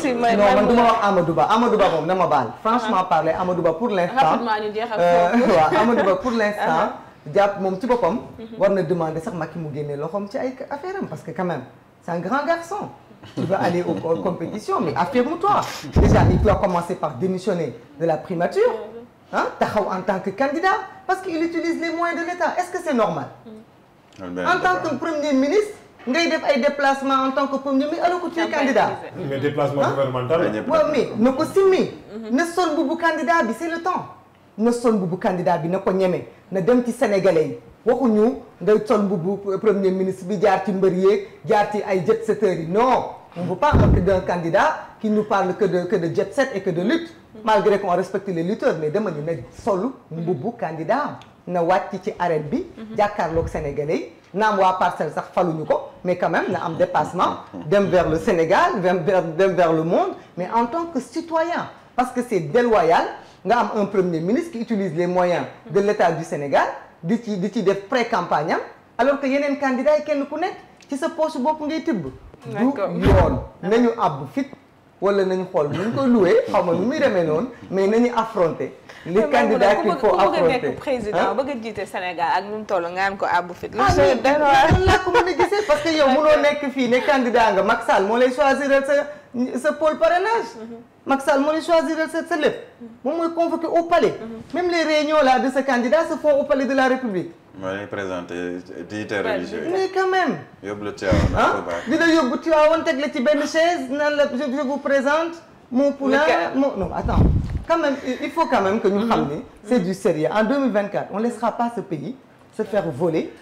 si may non man du ma wax Amadou Ba Amadou Ba moom na ma baal ah. franchement parler Amadou Ba pour l'instant euh, waaw Amadou Ba pour l'instant ah. jàpp moom ci boppam mhm. war na demander sax Macky mu génnee loxoom ci ay affaire am parce que quand même c'est un grand garçon tu veux aller aux, aux compétitions mais affirme-toi déjà il doit commencer par démissionner de la primature ah taxaw en tant que candidat parce qu'il utilise les moyens de l'État est-ce que c'est normal mhm. ah, en tant que premier ministre ngay def ay déplacement en tant que premier mais alors que ko simmi. Mhm. na sol bu bu candidat bi c'est le temps. na sol mbubu candidat bi na ko ñeme na dem ci sénégalais yi waxuñu ngay sol mbubu premier ministre bi jaar ci mbër yeeg jaar ci ay jet setteurs yi no on ne veut pas d'un candidat qui nous parle que de que de jet set et que de lutte mhm. malgré qu'on respecte les lutteurs mais dama ñu sol mbubu candidat na wàcc ci arène bi mhm. jàkkaarloog sénégalais yi naam waa parcelle sax faluñu ko mais quand na am dépassement dem vers le Sénégal dem vers le monde mais en tant que citoyen parce que c'est déloyal nga am un premier ministre qui utilise les moyens de l'État du Sénégal di ci di ci def pré-campagne alors que yeneen candidats yi kenn ku nekk ci sa poche bopp ngay tibb du yoon nañu àbb fit wala nañu xool nu ñu koy loué xaw ma nu muy demee noonu mais nañu affronté les candidats qu'il faut affronter bëgg a nekk président bëgg a Sénégal ak nu mu toll nga am ko àbb parce que yow mënoo nekk fii ne candidat nga Macky Sall moo lay choisiral sa sa pôle parrainage. Mhm. Macky Sall moo lay choisiral sa se lépp. Mhm. moom mooy convoqué mhm. même les réunions la de ce candidat se font au palais de la République. moo lay présenté dignité religieuse mais quand même. yóbbu la Tivaouane ah dina yóbbu Tivaouane teg la présente. mon poulain mon non attends quand même il faut quand même que ñu xam ni. c'est du sérieux en 2024 on laissera pas ce pays se faire voler.